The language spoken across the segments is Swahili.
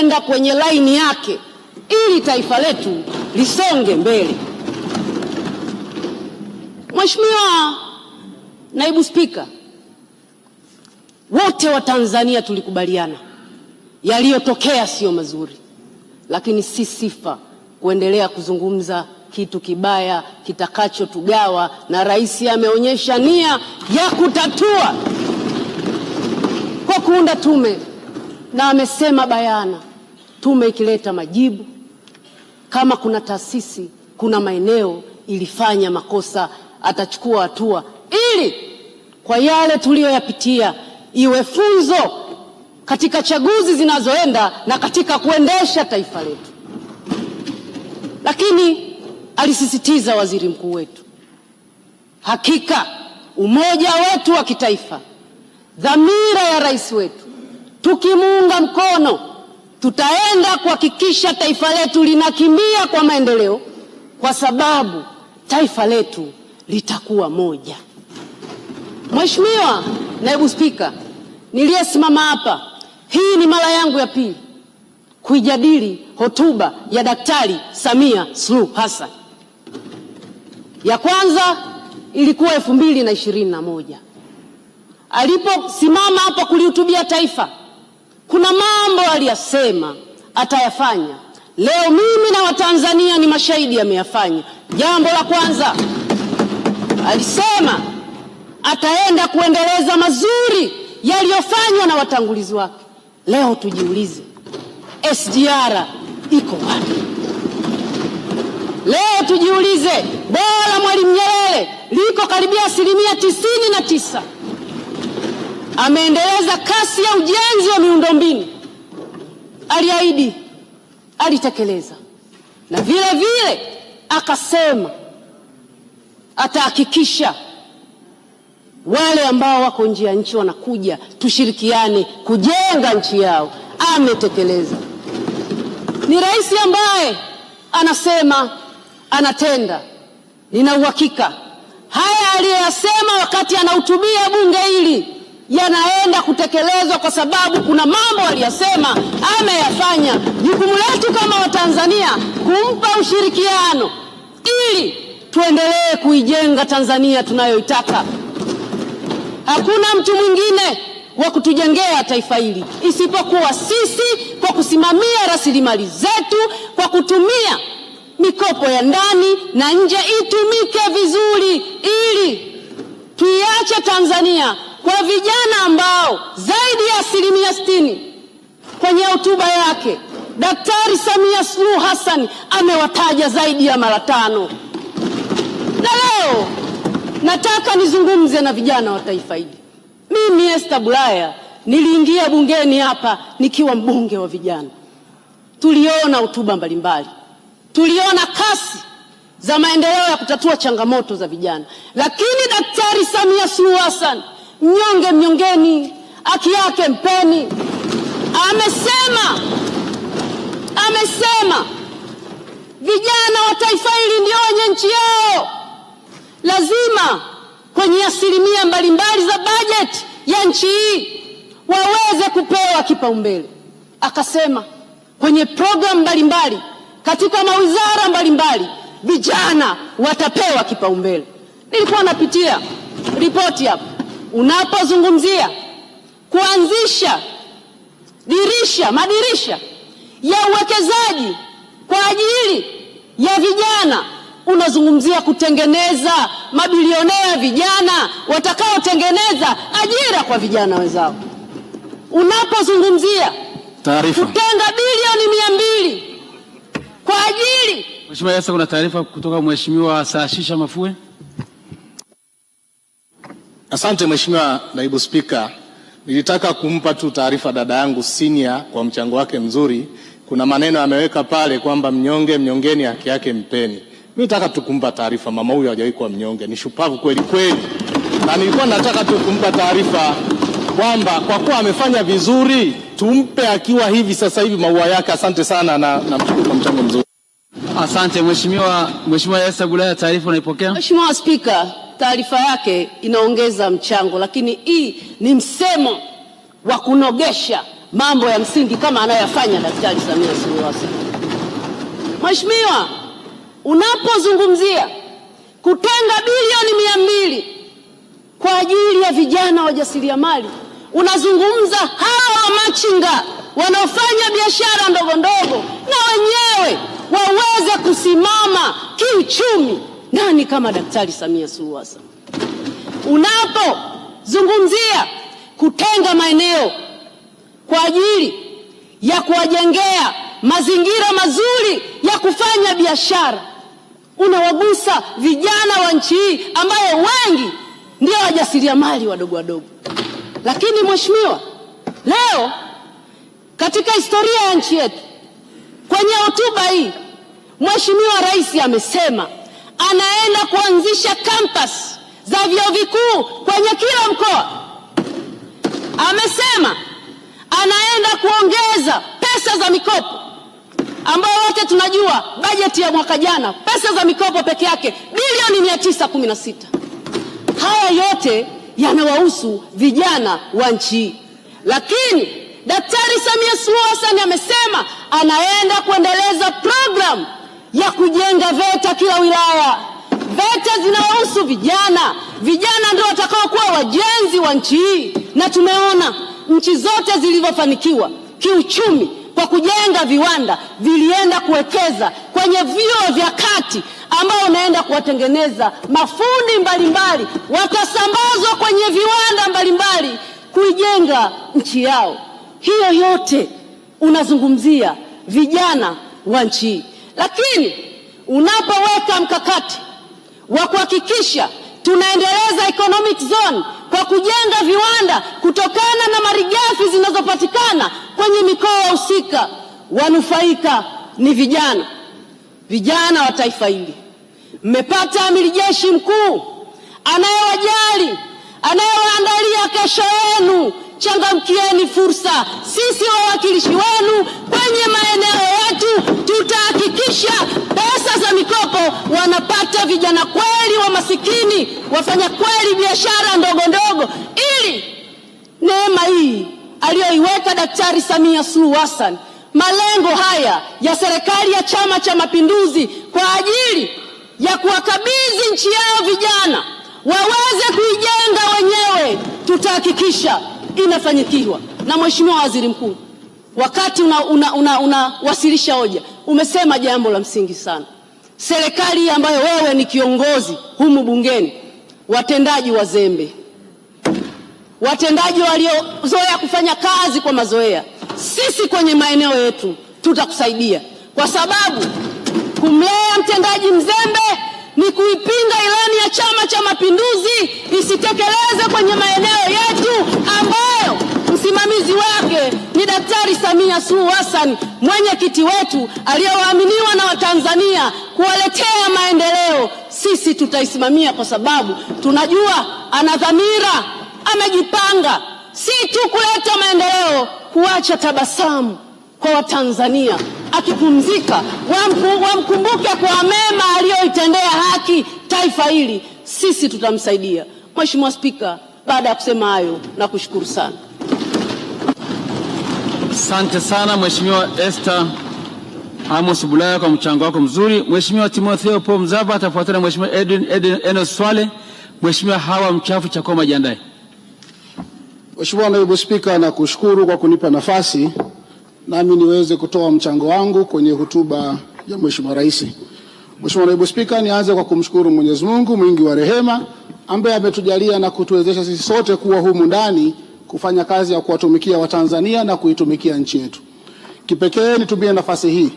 kwenda kwenye laini yake ili taifa letu lisonge mbele. Mheshimiwa Naibu Spika, wote wa Tanzania tulikubaliana yaliyotokea siyo mazuri, lakini si sifa kuendelea kuzungumza kitu kibaya kitakachotugawa, na rais ameonyesha nia ya kutatua kwa kuunda tume na amesema bayana tume ikileta majibu. Kama kuna taasisi, kuna maeneo ilifanya makosa, atachukua hatua ili kwa yale tuliyoyapitia iwe funzo katika chaguzi zinazoenda na katika kuendesha taifa letu. Lakini alisisitiza waziri mkuu wetu, hakika umoja wetu wa kitaifa, dhamira ya rais wetu, tukimuunga mkono Tutaenda kuhakikisha taifa letu linakimbia kwa maendeleo, kwa sababu taifa letu litakuwa moja. Mheshimiwa Naibu Spika, niliyesimama hapa, hii ni mara yangu ya pili kuijadili hotuba ya Daktari Samia Suluhu Hassan. Ya kwanza ilikuwa elfu mbili na ishirini na moja aliposimama hapa kulihutubia taifa kuna mambo aliyasema atayafanya. Leo mimi na Watanzania ni mashahidi, ameyafanya. Jambo la kwanza alisema ataenda kuendeleza mazuri yaliyofanywa na watangulizi wake. Leo tujiulize, SGR iko wapi? Leo tujiulize, bora Mwalimu Nyerere liko karibia asilimia tisini na tisa ameendeleza kasi ya ujenzi wa miundombinu, aliahidi, alitekeleza, na vile vile akasema atahakikisha wale ambao wako nje ya nchi wanakuja, tushirikiane kujenga nchi yao. Ametekeleza. Ni rais ambaye anasema, anatenda. Nina uhakika haya aliyoyasema wakati anahutubia bunge hili yanaenda kutekelezwa, kwa sababu kuna mambo aliyosema ameyafanya. Jukumu letu kama Watanzania kumpa ushirikiano ili tuendelee kuijenga Tanzania tunayoitaka. Hakuna mtu mwingine wa kutujengea taifa hili isipokuwa sisi, kwa kusimamia rasilimali zetu, kwa kutumia mikopo ya ndani na nje itumike vizuri, ili tuiache Tanzania kwa vijana ambao zaidi ya asilimia sitini kwenye hotuba yake Daktari Samia Suluhu Hassan amewataja zaidi ya mara tano, na leo nataka nizungumze na vijana wa taifa hili. Mimi Esther Bulaya niliingia bungeni hapa nikiwa mbunge wa vijana, tuliona hotuba mbalimbali, tuliona kasi za maendeleo ya kutatua changamoto za vijana, lakini Daktari Samia Suluhu Hassan mnyonge mnyongeni, haki yake mpeni. Amesema, amesema vijana wa taifa hili ndio wenye nchi yao. Lazima kwenye asilimia mbalimbali za bajeti ya nchi hii waweze kupewa kipaumbele. Akasema kwenye programu mbalimbali katika mawizara mbalimbali vijana watapewa kipaumbele. Nilikuwa napitia ripoti hapo unapozungumzia kuanzisha dirisha madirisha ya uwekezaji kwa ajili ya vijana, unazungumzia kutengeneza mabilionea vijana watakaotengeneza ajira kwa vijana wenzao. Unapozungumzia taarifa kutenga bilioni mia mbili kwa ajili Mheshimiwa Yasa, kuna taarifa kutoka Mheshimiwa Saashisha Mafue. Asante Mheshimiwa Naibu Spika, nilitaka kumpa tu taarifa dada yangu senior kwa mchango wake mzuri. Kuna maneno ameweka pale kwamba mnyonge mnyongeni, haki yake mpeni. Mimi nataka tu kumpa taarifa, mama huyu hajawahi kuwa mnyonge, ni shupavu kweli kweli, na nilikuwa nataka tu kumpa taarifa kwamba kwa kuwa amefanya vizuri tumpe akiwa hivi sasa hivi maua yake. Asante sana na namshukuru kwa mchango mzuri. Asante Mheshimiwa. Mheshimiwa Esther Bulaya, taarifa unaipokea? Mheshimiwa Spika taarifa yake inaongeza mchango, lakini hii ni msemo wa kunogesha mambo ya msingi kama anayoyafanya Daktari Samia Suluhu Hassan. Mheshimiwa, unapozungumzia kutenga bilioni mia mbili kwa ajili ya vijana wajasiriamali, unazungumza hawa machinga wanaofanya biashara ndogo ndogo na wenyewe waweze kusimama kiuchumi. Nani kama Daktari Samia Suluhu Hassan? Unapozungumzia kutenga maeneo kwa ajili ya kuwajengea mazingira mazuri ya kufanya biashara, unawagusa vijana wa nchi hii ambayo wengi ndio wajasiriamali wadogo wadogo. Lakini mheshimiwa, leo katika historia ya nchi yetu, kwenye hotuba hii mheshimiwa rais amesema anaenda kuanzisha campus za vyuo vikuu kwenye kila mkoa. Amesema anaenda kuongeza pesa za mikopo ambayo wote tunajua bajeti ya mwaka jana pesa za mikopo peke yake bilioni 916. Haya yote yanawahusu vijana wa nchi hii, lakini Daktari Samia Suluhu Hassan amesema anaenda kuendeleza programu ya kujenga VETA kila wilaya. VETA zinawahusu vijana, vijana ndio watakaokuwa wajenzi wa nchi hii, na tumeona nchi zote zilivyofanikiwa kiuchumi kwa kujenga viwanda vilienda kuwekeza kwenye vyuo vya kati ambao unaenda kuwatengeneza mafundi mbalimbali, watasambazwa kwenye viwanda mbalimbali kuijenga nchi yao. Hiyo yote unazungumzia vijana wa nchi. Lakini unapoweka mkakati wa kuhakikisha tunaendeleza economic zone kwa kujenga viwanda kutokana na malighafi zinazopatikana kwenye mikoa husika, wanufaika ni vijana, vijana wa taifa hili. Mmepata amiri jeshi mkuu anayewajali, anayewaandalia kesho yenu changamkieni fursa. Sisi wawakilishi wenu kwenye maeneo yetu tutahakikisha pesa za mikopo wanapata vijana kweli wa masikini, wafanya kweli biashara ndogo ndogo, ili neema hii aliyoiweka Daktari Samia Suluhu Hassan, malengo haya ya serikali ya Chama cha Mapinduzi kwa ajili ya kuwakabidhi nchi yao vijana waweze kuijenga wenyewe, tutahakikisha inafanyikiwa na Mheshimiwa Waziri Mkuu, wakati unawasilisha una, una, una hoja umesema jambo la msingi sana. Serikali ambayo wewe ni kiongozi humu bungeni, watendaji wazembe, watendaji waliozoea kufanya kazi kwa mazoea, sisi kwenye maeneo yetu tutakusaidia, kwa sababu kumlea mtendaji mzembe ni kuipinga ilani ya Chama cha Mapinduzi isitekeleze kwenye maeneo yetu ambayo msimamizi wake ni Daktari Samia Suluhu Hassan, mwenyekiti wetu aliyowaaminiwa na Watanzania kuwaletea maendeleo. Sisi tutaisimamia kwa sababu tunajua ana dhamira, amejipanga si tu kuleta maendeleo, kuacha tabasamu kwa Watanzania akipumzika wamkumbuke kwa mema aliyoitendea haki taifa hili, sisi tutamsaidia. Mheshimiwa Spika, baada ya kusema hayo nakushukuru sana. Asante sana Mheshimiwa Esther Amos Bulaya kwa mchango wako mzuri. Mheshimiwa Timotheo Paul Mzava atafuatana na Mheshimiwa Edwin Enos Swale. Mheshimiwa Hawa Mchafu Chakoma, jiandae. Mheshimiwa Naibu Spika, nakushukuru kwa kunipa nafasi nami niweze kutoa mchango wangu kwenye hotuba ya Mheshimiwa Rais. Mheshimiwa Naibu Spika, nianze kwa kumshukuru Mwenyezi Mungu mwingi wa rehema ambaye ametujalia na kutuwezesha sisi sote kuwa humu ndani kufanya kazi ya kuwatumikia Watanzania na kuitumikia nchi yetu. Kipekee nitumie nafasi hii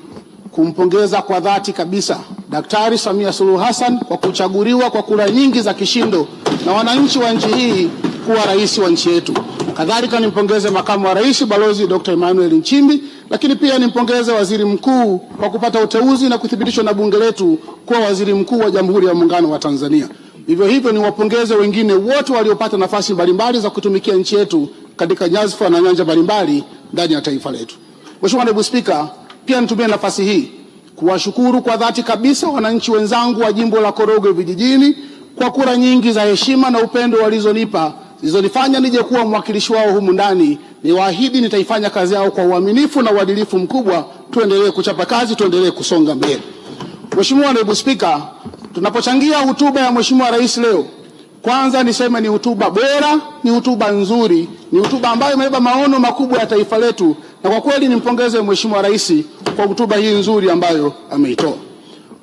kumpongeza kwa dhati kabisa Daktari Samia Suluhu Hassan kwa kuchaguliwa kwa kura nyingi za kishindo na wananchi wa nchi hii kuwa rais wa nchi yetu. Kadhalika nimpongeze makamu wa rais Balozi Dr. Emmanuel Nchimbi, lakini pia nimpongeze waziri mkuu kwa kupata uteuzi na kuthibitishwa na bunge letu kuwa waziri mkuu wa Jamhuri ya Muungano wa Tanzania. Vivyo hivyo niwapongeze wengine wote waliopata nafasi mbalimbali za kutumikia nchi yetu katika nyadhifa na nyanja mbalimbali ndani ya taifa letu. Mheshimiwa Naibu Spika, pia nitumie nafasi hii kuwashukuru kwa dhati kabisa wananchi wenzangu wa jimbo la Korogwe Vijijini kwa kura nyingi za heshima na upendo walizonipa zilizonifanya nije kuwa mwakilishi wao humu ndani. Niwaahidi nitaifanya kazi yao kwa uaminifu na uadilifu mkubwa. Tuendelee kuchapa kazi, tuendelee kusonga mbele. Mheshimiwa Naibu Spika, tunapochangia hotuba ya Mheshimiwa Rais leo, kwanza niseme ni hotuba bora, ni hotuba nzuri, ni hotuba ambayo imebeba maono makubwa ya taifa letu, na kwa kweli nimpongeze Mheshimiwa Rais kwa hotuba hii nzuri ambayo ameitoa.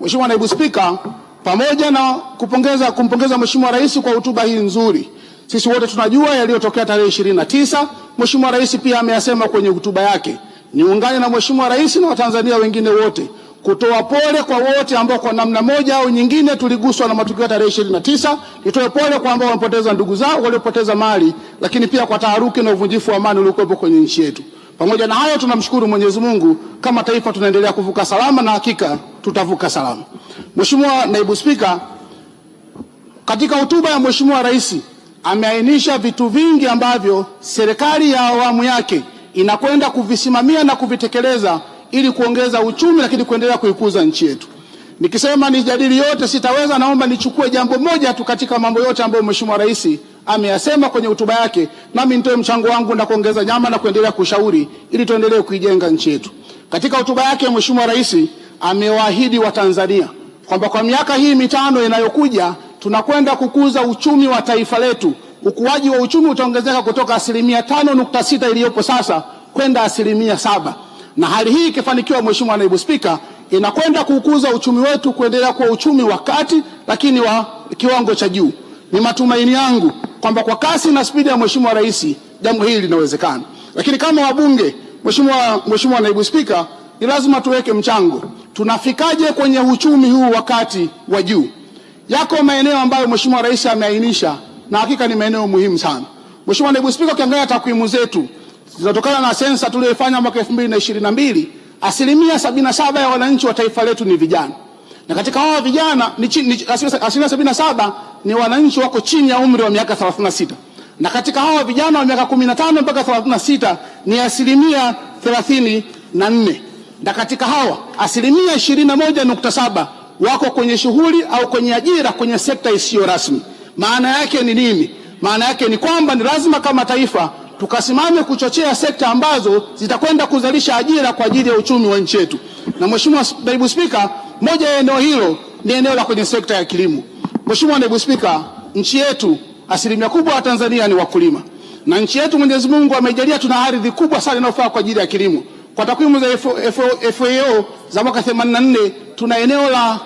Mheshimiwa Naibu Spika, pamoja na kupongeza kumpongeza Mheshimiwa Rais kwa hotuba hii nzuri sisi wote tunajua yaliyotokea tarehe ishirini na tisa. Mheshimiwa Rais pia ameyasema kwenye hotuba yake. Niungane na Mheshimiwa Rais na Watanzania wengine wote kutoa pole kwa wote ambao kwa namna moja au nyingine tuliguswa na matukio ya tarehe ishirini na tisa. Nitoe pole kwa ambao wamepoteza ndugu zao, waliopoteza mali, lakini pia kwa taharuki na uvunjifu wa amani uliokuwepo kwenye nchi yetu. Pamoja na hayo, tunamshukuru Mwenyezi Mungu, kama taifa tunaendelea kuvuka salama, na hakika tutavuka salama. Mheshimiwa Naibu Spika, katika hotuba ya Mheshimiwa Rais ameainisha vitu vingi ambavyo serikali ya awamu yake inakwenda kuvisimamia na kuvitekeleza ili kuongeza uchumi, lakini kuendelea kuikuza nchi yetu. Nikisema nijadili yote sitaweza, naomba nichukue jambo moja tu katika mambo yote ambayo Mheshimiwa Rais ameyasema kwenye hotuba yake, nami nitoe mchango wangu na kuongeza nyama na kuendelea kushauri ili tuendelee kuijenga nchi yetu. Katika hotuba yake Mheshimiwa Rais amewaahidi Watanzania kwamba kwa miaka hii mitano inayokuja tunakwenda kukuza uchumi wa taifa letu. Ukuaji wa uchumi utaongezeka kutoka asilimia tano nukta sita iliyopo sasa kwenda asilimia saba na hali hii ikifanikiwa, Mheshimiwa Naibu Spika, inakwenda kukuza uchumi wetu kuendelea kuwa uchumi wa kati, lakini wa kiwango cha juu. Ni matumaini yangu kwamba kwa kasi na spidi ya Mheshimiwa Rais jambo hili linawezekana, lakini kama wabunge, Mheshimiwa Mheshimiwa Naibu Spika, ni lazima tuweke mchango. Tunafikaje kwenye uchumi huu wa kati wa juu? Yako maeneo ambayo Mheshimiwa Rais ameainisha na hakika ni maeneo muhimu sana. Mheshimiwa Naibu Spika, ukiangalia takwimu zetu zinatokana na sensa tuliyoifanya mwaka 2022, asilimia saba ya wananchi wa taifa letu ni vijana, na katika hao vijana ni asilimia saba ni wananchi wako chini ya umri wa miaka 36, na katika hao vijana wa miaka 15 mpaka 36 ni asilimia 34, na katika hawa asilimia saba wako kwenye shughuli au kwenye ajira kwenye sekta isiyo rasmi. Maana yake ni nini? Maana yake ni kwamba ni lazima kama taifa tukasimame kuchochea sekta ambazo zitakwenda kuzalisha ajira kwa ajili ya uchumi wa nchi yetu. Na Mheshimiwa Naibu Spika, moja ya eneo hilo ni eneo la kwenye sekta ya kilimo. Mheshimiwa Naibu Spika, nchi yetu asilimia kubwa wa Tanzania ni wakulima, na nchi yetu Mwenyezi Mungu amejalia tuna ardhi kubwa sana inayofaa kwa ajili ya kilimo. Kwa takwimu za FAO za mwaka 84 tuna eneo la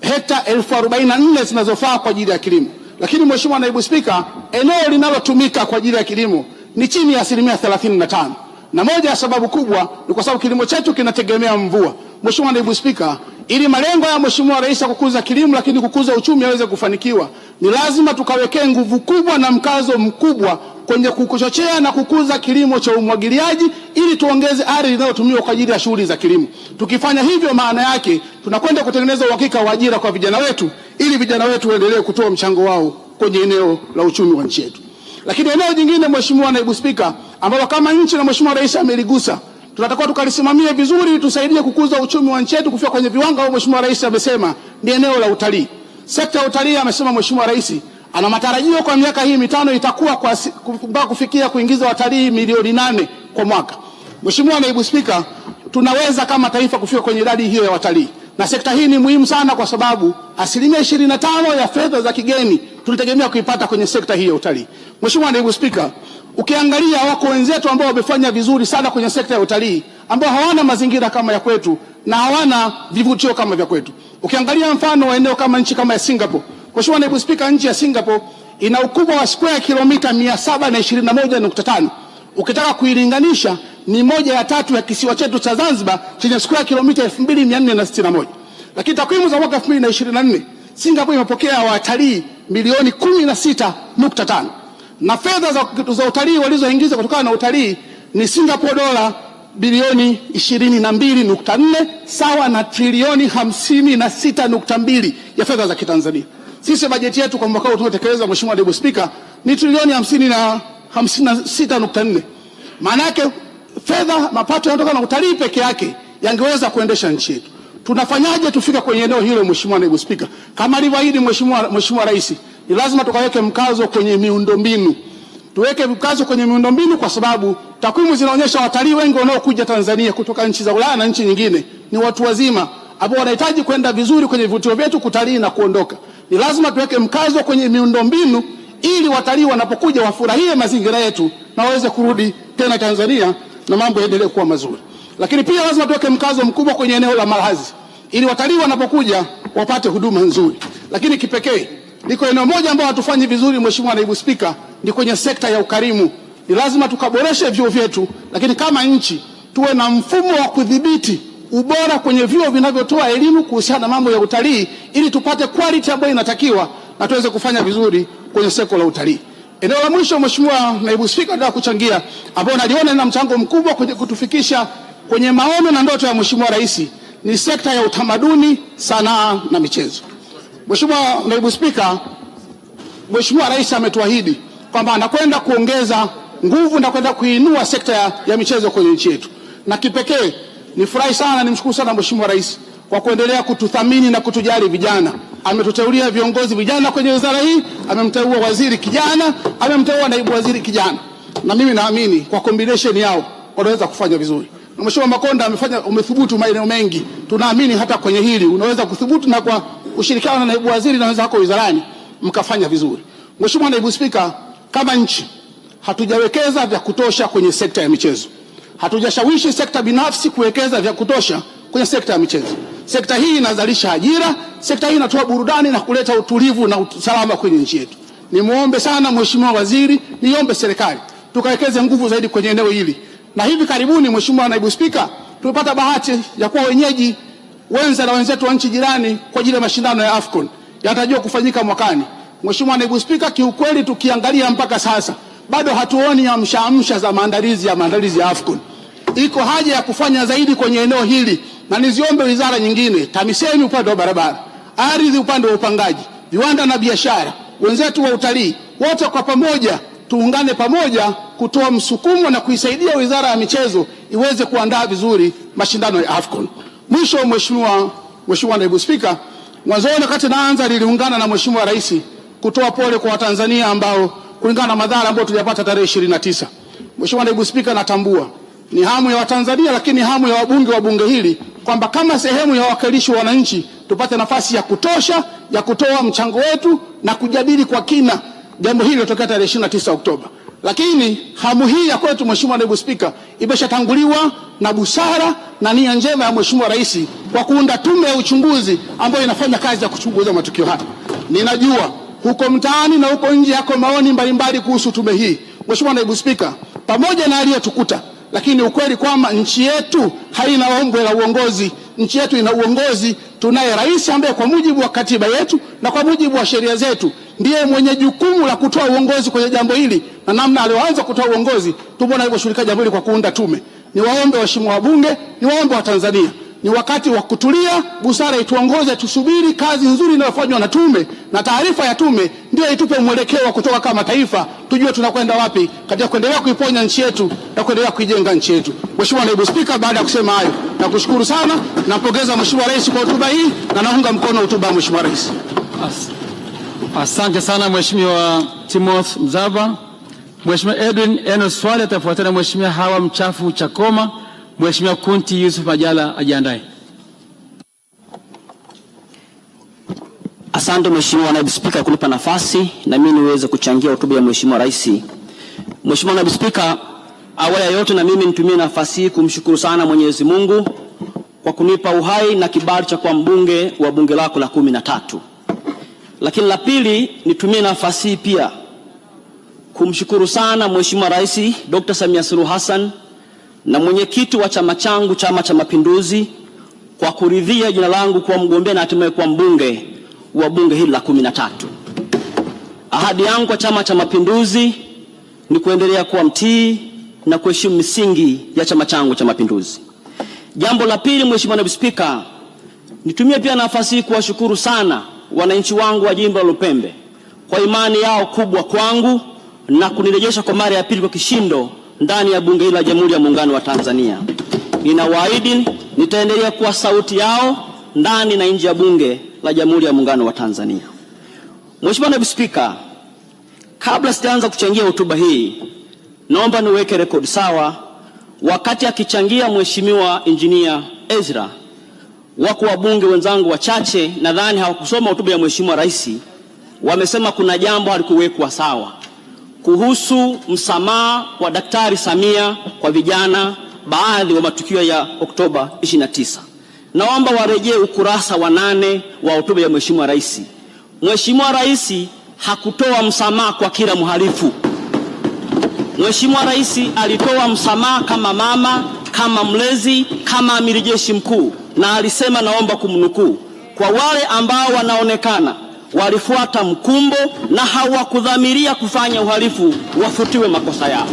hekta elfu arobaini na nne zinazofaa kwa ajili ya kilimo, lakini Mheshimiwa Naibu Spika, eneo linalotumika kwa ajili ya kilimo ni chini ya asilimia 35, na moja ya sababu kubwa ni kwa sababu kilimo chetu kinategemea mvua. Mheshimiwa Naibu Spika, ili malengo ya Mheshimiwa Rais ya kukuza kilimo lakini kukuza uchumi aweze kufanikiwa ni lazima tukawekee nguvu kubwa na mkazo mkubwa kwenye kuchochea na kukuza kilimo cha umwagiliaji ili tuongeze ardhi inayotumiwa kwa ajili ya shughuli za kilimo. Tukifanya hivyo, maana yake tunakwenda kutengeneza uhakika wa ajira kwa vijana wetu, ili vijana wetu waendelee kutoa mchango wao kwenye eneo la uchumi wa nchi yetu. Lakini eneo jingine, Mheshimiwa Naibu Spika, ambalo kama nchi na Mheshimiwa Rais ameligusa tunatakiwa tukalisimamie vizuri, tusaidie kukuza uchumi wa nchi yetu kufika kwenye viwango ambavyo Mheshimiwa Rais amesema, ni eneo la utalii. Sekta ya utalii, amesema Mheshimiwa Rais, ana matarajio kwa miaka hii mitano itakuwa kwa mpaka kufikia kuingiza watalii milioni nane kwa mwaka. Mheshimiwa Naibu Spika, tunaweza kama taifa kufika kwenye idadi hiyo ya watalii, na sekta hii ni muhimu sana kwa sababu asilimia ishirini na tano ya fedha za kigeni tulitegemea kuipata kwenye sekta hii ya utalii. Mheshimiwa Naibu Spika, ukiangalia wako wenzetu ambao wamefanya vizuri sana kwenye sekta ya utalii ambao hawana mazingira kama ya kwetu na hawana vivutio kama vya kwetu. Ukiangalia mfano wa eneo kama nchi kama ya Singapore, Mheshimiwa Naibu Spika, nchi ya Singapore ina ukubwa wa square kilomita 721.5. Ukitaka kuilinganisha ni moja ya tatu ya kisiwa chetu cha Zanzibar chenye square kilomita 2461. Lakini takwimu za mwaka 2024 Singapore imepokea watalii milioni 16.5 na fedha za, za utalii walizoingiza kutokana na utalii ni Singapore dola bilioni 22.4 sawa na trilioni 56.2 ya fedha za Kitanzania. Sisi bajeti yetu kwa mwaka huu tunatekeleza, Mheshimiwa Naibu Spika, ni trilioni 50 na 56.4. Maana yake fedha, mapato yanatoka na utalii peke yake yangeweza kuendesha nchi yetu. Tunafanyaje tufika kwenye eneo hilo, Mheshimiwa Naibu Spika? Kama alivyoahidi Mheshimiwa Mheshimiwa Rais, ni lazima tukaweke mkazo kwenye miundombinu, tuweke mkazo kwenye miundombinu kwa sababu Takwimu zinaonyesha watalii wengi wanaokuja Tanzania kutoka nchi za Ulaya na nchi nyingine ni watu wazima ambao wanahitaji kwenda vizuri kwenye vivutio vyetu kutalii na kuondoka. Ni lazima tuweke mkazo kwenye miundombinu ili watalii wanapokuja wafurahie mazingira yetu na waweze kurudi tena Tanzania na mambo yaendelee kuwa mazuri. Lakini pia lazima tuweke mkazo mkubwa kwenye eneo la malazi ili watalii wanapokuja wapate huduma nzuri. Lakini kipekee liko eneo moja ambalo hatufanyi vizuri, Mheshimiwa Naibu Spika, ni kwenye sekta ya ukarimu. Ni lazima tukaboreshe vyuo vyetu, lakini kama nchi tuwe na mfumo wa kudhibiti ubora kwenye vyuo vinavyotoa elimu kuhusiana na mambo ya utalii, ili tupate quality ambayo inatakiwa na tuweze kufanya vizuri kwenye sekta la utalii. Eneo la mwisho, Mheshimiwa Naibu Spika, nataka kuchangia ambao naliona lina mchango mkubwa kwenye kutufikisha kwenye maono na ndoto ya Mheshimiwa Rais ni sekta ya utamaduni, sanaa na michezo. Mheshimiwa Naibu Spika, Mheshimiwa Rais ametuahidi kwamba anakwenda kuongeza nguvu na kwenda kuinua sekta ya, ya michezo kwenye nchi yetu. Na kipekee nifurahi sana, nimshukuru sana Mheshimiwa Rais kwa kuendelea kututhamini na kutujali vijana. Ametuteulia viongozi vijana kwenye wizara hii, amemteua waziri kijana, amemteua naibu waziri kijana, na mimi naamini kwa combination yao wanaweza kufanya vizuri. Mheshimiwa Makonda amefanya, umethubutu maeneo mengi, tunaamini hata kwenye hili unaweza kuthubutu, na kwa ushirikiano na naibu waziri na wenzako wizarani mkafanya vizuri. Mheshimiwa Naibu Spika, kama nchi hatujawekeza vya kutosha kwenye sekta ya michezo, hatujashawishi sekta binafsi kuwekeza vya kutosha kwenye sekta ya michezo. Sekta hii inazalisha ajira, sekta hii inatoa burudani na kuleta utulivu na usalama kwenye nchi yetu. Nimwombe sana Mheshimiwa Waziri, niombe serikali tukawekeze nguvu zaidi kwenye eneo hili, na hivi karibuni, Mheshimiwa Naibu Spika, tumepata bahati ya kuwa wenyeji wenza na wenzetu wa nchi jirani kwa ajili ya mashindano ya AFCON yatarajiwa kufanyika mwakani. Mheshimiwa Naibu Spika, kiukweli tukiangalia mpaka sasa bado hatuoni amshaamsha za maandalizi ya maandalizi ya AFCON. Iko haja ya kufanya zaidi kwenye eneo hili, na niziombe wizara nyingine, TAMISEMI upande wa barabara, ardhi upande wa upangaji, viwanda na biashara, wenzetu wa utalii, wote kwa pamoja tuungane pamoja kutoa msukumo na kuisaidia wizara ya michezo iweze kuandaa vizuri mashindano ya AFCON. Mwisho, mheshimiwa Mheshimiwa Naibu Spika, mwanzoni wakati naanza niliungana na Mheshimiwa Rais kutoa pole kwa Watanzania ambao kulingana na madhara ambayo tuliyapata tarehe 29. Mheshimiwa Naibu Spika, natambua ni hamu ya Watanzania lakini hamu ya wabunge wa bunge hili kwamba kama sehemu ya wakilishi wa wananchi tupate nafasi ya kutosha ya kutoa mchango wetu na kujadili kwa kina jambo hili lilotokea tarehe 29 Oktoba. Lakini hamu hii ya kwetu, Mheshimiwa Naibu Spika, imeshatanguliwa na busara na nia njema ya Mheshimiwa Rais kwa kuunda tume ya uchunguzi ambayo inafanya kazi ya kuchunguza matukio haya. Ninajua huko mtaani na huko nje yako maoni mbalimbali kuhusu tume hii. Mheshimiwa Naibu Spika, pamoja na aliyotukuta, lakini ukweli kwamba nchi yetu haina ombwe la uongozi. Nchi yetu ina uongozi, tunaye rais ambaye kwa mujibu wa katiba yetu na kwa mujibu wa sheria zetu ndiye mwenye jukumu la kutoa uongozi kwenye jambo hili, na namna alioanza kutoa uongozi tumeona alivyoshughulikia jambo hili kwa kuunda tume. Niwaombe waheshimiwa wabunge, niwaombe Watanzania ni wakati wa kutulia, busara ituongoze, tusubiri kazi nzuri inayofanywa na tume na taarifa ya tume ndio itupe mwelekeo wa kutoka kama taifa, tujue tunakwenda wapi katika kuendelea kuiponya nchi yetu na kuendelea kuijenga nchi yetu. Mheshimiwa Naibu Spika, baada ya kusema hayo, nakushukuru sana, nampongeza Mheshimiwa Rais kwa hotuba hii na naunga mkono hotuba ya Mheshimiwa Rais. asante sana Mheshimiwa Timothy Mzava. Mheshimiwa Edwin Enos Swale atafuatana Mheshimiwa Hawa Mchafu Chakoma. Mheshimiwa Kunti Yusuf Majala ajiandae. Asante Mheshimiwa Naibu Spika kunipa nafasi na mimi niweze kuchangia hotuba ya Mheshimiwa Rais. Mheshimiwa Naibu Spika, awali ya yote na mimi nitumie nafasi hii kumshukuru sana Mwenyezi Mungu kwa kunipa uhai na kibali cha kuwa mbunge wa bunge lako la kumi na tatu. Lakini la pili, nitumie nafasi hii pia kumshukuru sana Mheshimiwa Rais Dr. Samia Suluhu Hassan na mwenyekiti wa chama changu, Chama cha Mapinduzi, kwa kuridhia jina langu kuwa mgombea na hatimaye kuwa mbunge wa bunge hili la kumi na tatu. Ahadi yangu kwa Chama cha Mapinduzi ni kuendelea kuwa mtii na kuheshimu misingi ya chama changu cha Mapinduzi. Jambo la pili, Mheshimiwa Naibu Spika, nitumie pia nafasi hii kuwashukuru sana wananchi wangu wa jimbo la Lupembe kwa imani yao kubwa kwangu na kunirejesha kwa mara ya pili kwa kishindo ndani ya bunge hili la Jamhuri ya Muungano wa Tanzania. Ninawaahidi nitaendelea kuwa sauti yao ndani na nje ya bunge la Jamhuri ya Muungano wa Tanzania. Mheshimiwa Naibu Spika, kabla sijaanza kuchangia hotuba hii, naomba niweke rekodi sawa. Wakati akichangia Mheshimiwa Injinia Ezra, wako wabunge wenzangu wachache nadhani hawakusoma hotuba ya Mheshimiwa Rais, wamesema kuna jambo halikuwekwa sawa kuhusu msamaha wa Daktari Samia kwa vijana baadhi wa matukio ya Oktoba 29. Naomba warejee ukurasa wa nane wa hotuba ya Mheshimiwa Rais. Mheshimiwa Rais hakutoa msamaha kwa kila mhalifu. Mheshimiwa Rais alitoa msamaha kama mama, kama mlezi, kama amiri jeshi mkuu, na alisema, naomba kumnukuu, kwa wale ambao wanaonekana walifuata mkumbo na hawakudhamiria kufanya uhalifu, wafutiwe makosa yao.